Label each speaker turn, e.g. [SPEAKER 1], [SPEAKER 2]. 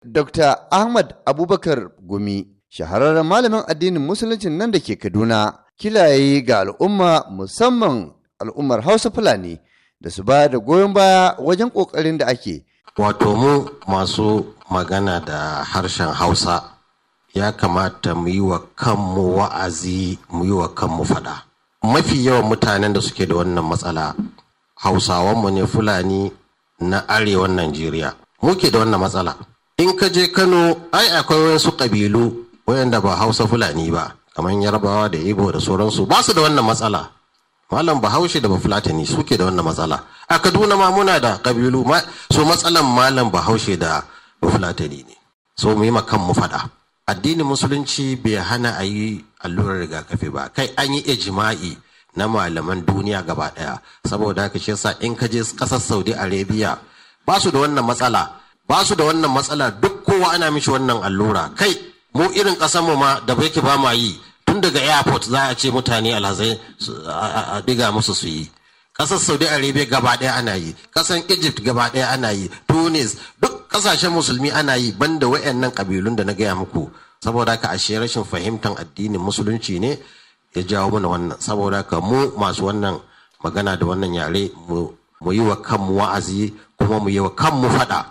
[SPEAKER 1] Dr. Ahmad Abubakar Gumi, shahararren malamin addinin Musuluncin nan da ke Kaduna, kilaye ga al'umma musamman al'ummar Hausa Fulani da su ba da goyon baya wajen ƙoƙarin da ake. Wato mu masu
[SPEAKER 2] magana da harshen Hausa ya kamata mu yi wa kanmu wa'azi mu yi wa kanmu faɗa. Mafi yawan mutanen da suke da wannan matsala Hausawanmu ne Fulani na arewan Najeriya. Muke da wannan matsala. in ka je kano ai akwai wasu ƙabilu wayanda ba hausa fulani ba kamar yarbawa da ibo da sauransu ba su da wannan matsala malam bahaushe da fulatani suke da wannan matsala a kaduna ma muna da ƙabilu so matsalan malam bahaushe da fulatani ne so mu yi kan mu faɗa addinin musulunci bai hana a yi allurar rigakafi ba kai an yi ijima'i na malaman duniya gaba ɗaya saboda haka shi yasa in ka je ƙasar saudi arabia ba su da wannan matsala ba su da wannan matsala duk kowa ana mishi wannan allura kai mu irin kasar mu ma da baki ba ma yi tun daga airport za a ce mutane alhazai a diga musu su yi ƙasar saudi arabia gaba ɗaya ana yi ƙasar egypt gaba ɗaya ana yi tunis duk ƙasashen musulmi ana yi banda wayannan ƙabilun da na gaya muku saboda ka ashe rashin fahimtar addinin musulunci ne ya jawo mana wannan saboda ka mu masu wannan magana da wannan yare mu yi wa kanmu wa'azi kuma mu yi wa kanmu faɗa